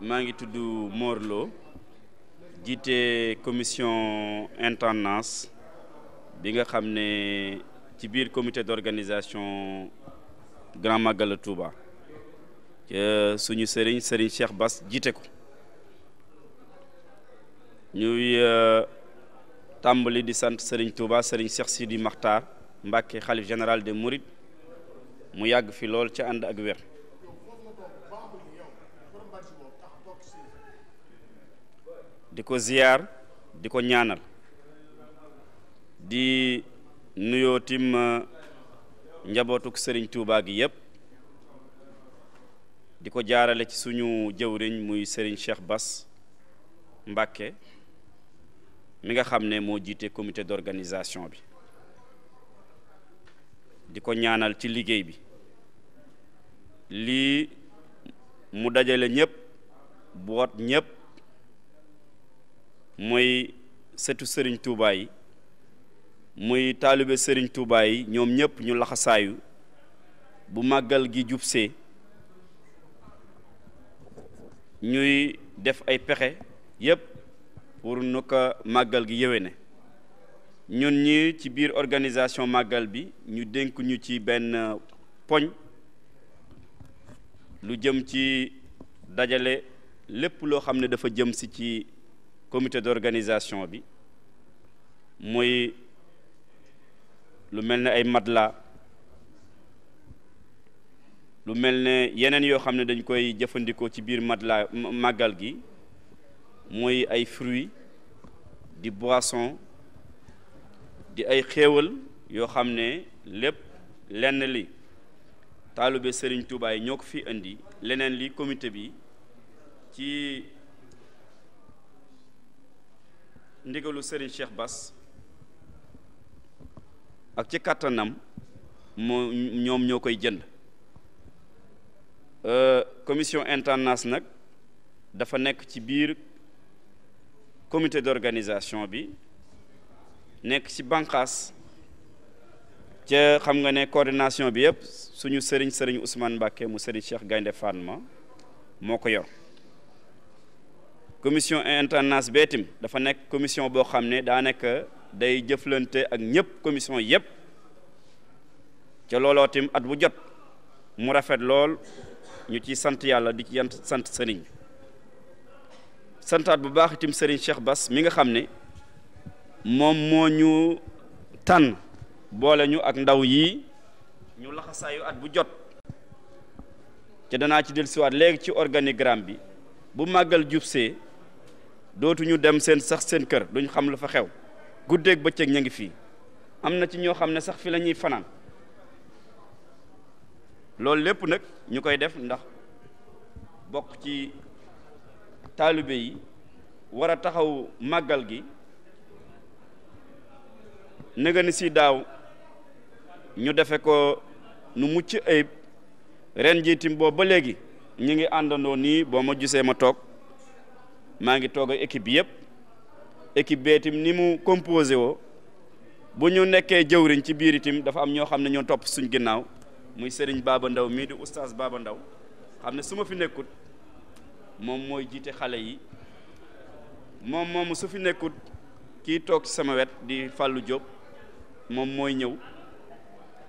suis Morlo, Morlo, commission intendance bi nga tibir comité d'organisation Grand Magal Touba suñu serin Cheikh Bass ko euh, di sant serin Touba Cheikh Sidi Makhtar général de Mourides mu fi di ko ziyaar di ko ñaanal di nuyoo tim uh, njabootuk sëriñ Touba gi yëpp di ko jaarale ci suñu jëwriñ muy sëriñ Cheikh Bass Mbacke mi nga xam ne moo jiite comité d'organisation bi di ko ñaanal ci liggéey bi lii mu dajale ñëpp boot ñëpp mooy setu sëriñ Touba yi muy taalibe sëriñ Touba yi ñoom ñëpp ñu laxasaayu bu màggal gi jubsee ñuy def ay pexe yëpp pour nu ko màggal gi yéwéne ñun ñi ci biir organisation màggal bi ñu dénk ñu ci benn poñ lu jëm ci dajale lépp loo xam ne dafa jëm si ci comité d'organisation bi moy lu mel madla. ay madla lu mel yenen yo xamne dañ koy jëfëndiko ci bir madla magal gi moy ay fruits di boisson di ay xéewal yo xamne lepp lépp lenn li taalibe Serigne Touba ñok fi indi li comité bi ci ndigalu Serigne Cheikh Bass ak ci kàttanam moo ñoom ñoo koy jënd euh, commission intendance nag dafa nekk ci biir comité d'organisation bi nekk ci banqaas ca xam nga ne coordination bi yëpp suñu sëriñ sëriñ Ousmane Mbacké mu sëriñ Cheikh Gaynde Fatma moo ko yor commission intendance beetim dafa nek commission bo xamné da daa day jëflante ak ñëpp commission yépp ci looloo tim at bu jot mu rafet lool ñu ci sant yalla di ci sant sëriñ santat bu baax tim sëriñ Cheikh Bass mi nga xamné mom mo ñu tan boole ñu ak ndaw yi ñu laxasaayu at bu jot ci dana ci wat légui ci organigramme bi bu magal jubsee dootuñu dem seen sax seen kër duñ xam lu fa xew ba bëccëg ña ngi fii am na ci ñoo xam ne sax fi lañuy fanaan loolu lépp nag ñu koy def ndax bokk ci taalibe yi war a taxaw màggal gi nega si daaw ñu defe ko nu mucc ayib ren njiitim boobu ba léegi ñu ngi àndandoo nii boo ma gisee ma toog maa ngi toog ak équipe bi yëpp équipe bee itam ni mu composé woo bu ñu nekkee jëwriñ ci biir itam dafa am ñoo xam ne ñoo topp suñ ginnaaw muy Serigne Baba Ndaw mii di oustaz Baba Ndaw xam ne su ma fi nekkut moom mooy jiite xale yi moom moom su fi nekkut ki toog ci sama wet di fallu Diop moom mooy ñëw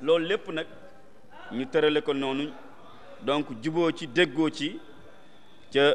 loolu lépp nag ñu tërale ko noonu donc juboo ci déggoo ci ca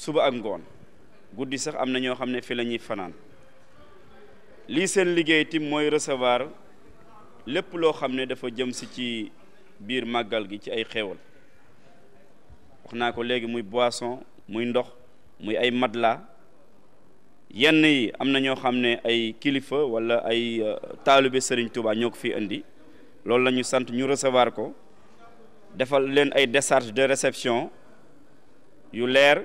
suba ak ngoon guddi sax am na ñoo xam ne fi lañuy fanaan lii seen liggéey tim mooy recevoir lépp loo xam ne dafa jëm si ci biir màggal gi ci ay xewal wax naa ko léegi muy boisson muy ndox muy ay matelas yenn yi am na ñoo xam ne ay kilifa wala ay euh, taalibe sëriñ Touba ñoo ko fi indi loolu la ñu sant ñu recevoir ko defal leen ay décharge de réception yu leer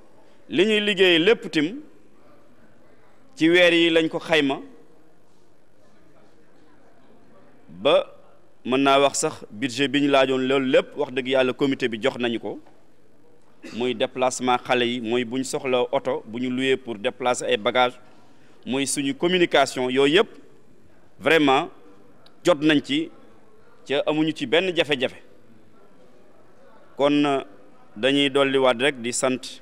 li ñuy liggéey lépp tim ci weer yi lañ ko xayma ba mën naa wax sax budget bi ñu laajoon loolu lépp wax dëgg yàlla comité bi jox nañu ko muy déplacement xale yi mooy bu ñu soxla oto bu ñu loué pour déplacer ay bagages mooy suñu communication yooyu yëpp vraiment jot nañ ci ca amuñu ci benn jafe-jafe kon dañuy dolliwaat rek di sant.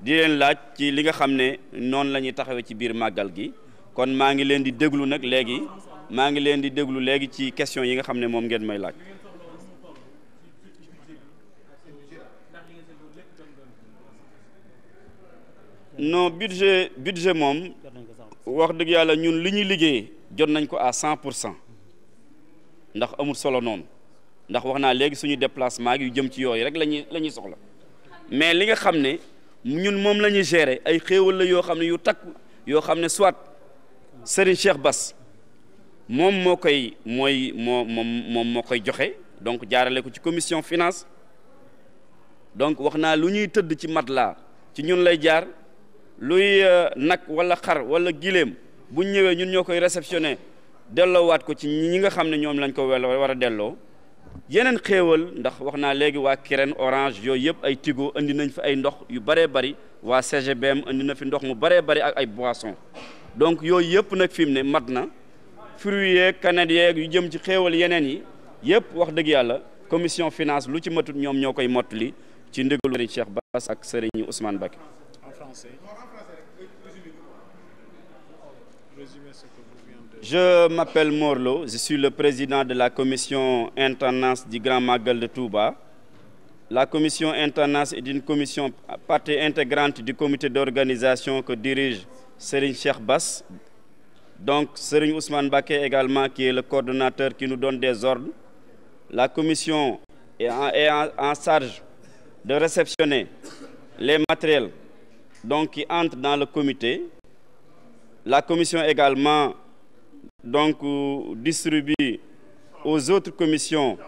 di leen laaj ci li nga xam ne noonu la ñuy taxawee ci biir màggal gi kon maa ngi leen di déglu nag léegi maa ngi leen di déglu léegi ci question yi nga xam ne moom ngeen may laaj. non budget budget moom wax dëgg yàlla ñun li ñuy liggéey jot nañ ko à cent pour cent ndax amul solo noonu ndax wax naa léegi suñu déplacement yu jëm ci yooyu rek lañuy la ñuy soxla mais li nga xam ne. ñun moom la ñuy gérer ay xéewal la yoo xam ne yu takk yoo xam ne soit Serigne Cheikh Bass moom moo koy mooy moo moom moom moo koy joxe donc jaarale ko ci commission finance donc wax naa lu ñuy tëdd ci mat ci ñun lay jaar luy euh, nag wala xar wala giléem bu ñëwee ñun ñoo koy réceptionné delloowaat ko ci ñi nga xam ne ñoom lañ ko war a delloo yeneen xéewal ndax wax naa léegi waa Kirène Orange yooyu yëpp ay Tigo indi nañ fi ay ndox yu bëree bari waa CGBM indi na fi ndox mu bëree bari ak ay boisson donc yooyu yëpp nag fi mu ne mat na fruits yeeg canettes yu jëm ci xéewal yeneen yi yëpp wax dëgg yàlla commission finance lu ci matut ñoom ñoo koy mottali ci ndigalu Serigne Cheikh Bass ak Serigne Ousmane Bakke. En Je m'appelle Morlo, je suis le président de la commission intendance du Grand Magal de Touba. La commission intendance est une commission partie intégrante du comité d'organisation que dirige Serigne Cheikh Bass. Donc Serigne Ousmane Baké également qui est le coordonnateur qui nous donne des ordres. La commission est en, en charge de réceptionner les matériels donc, qui entrent dans le comité. La commission également donc euh, distribuer aux autres commissions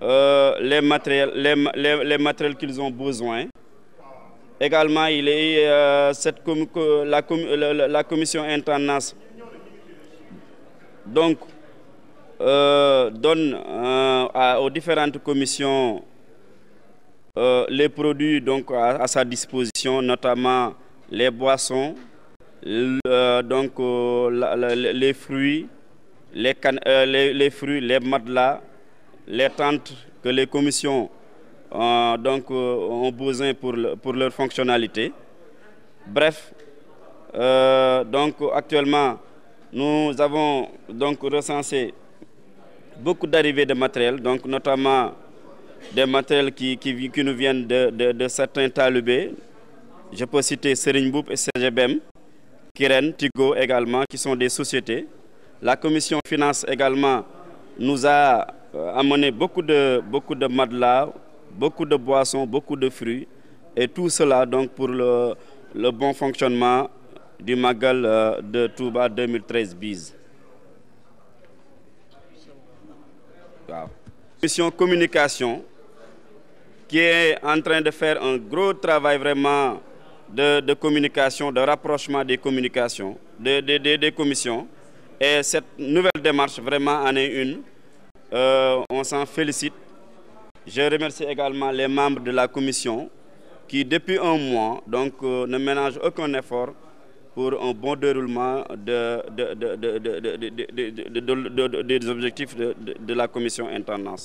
euh, les matériels, qu'ils ont besoin. Également, il est, euh, cette la, commission intendance donc, donne aux différentes commissions les produits donc, à sa disposition, notamment les boissons, euh, donc, euh, les fruits, euh, les, les, fruits, les matelas, les tentes que les commissions donc, ont besoin pour, pour leur fonctionnalité. Bref, donc actuellement, nous avons donc recensé beaucoup d'arrivées de matériel, donc notamment des matériels qui, qui, qui nous viennent de, de, certains talubés, Je peux citer Serigne et Bem. Kiren, Tigo également, qui sont des sociétés. La commission finance également nous a euh, amené beaucoup de, beaucoup de beaucoup de boissons, beaucoup de fruits. Et tout cela donc pour le, bon fonctionnement du Magal euh, de Touba 2013 bis. La communication qui est en train de faire un gros travail vraiment de, communication, de rapprochement des communications, des de, commissions. Et cette nouvelle démarche vraiment en est une. on s'en félicite. Je remercie également les membres de la commission qui, depuis un mois, donc, ne ménagent aucun effort pour un bon déroulement des objectifs de, la commission intendance.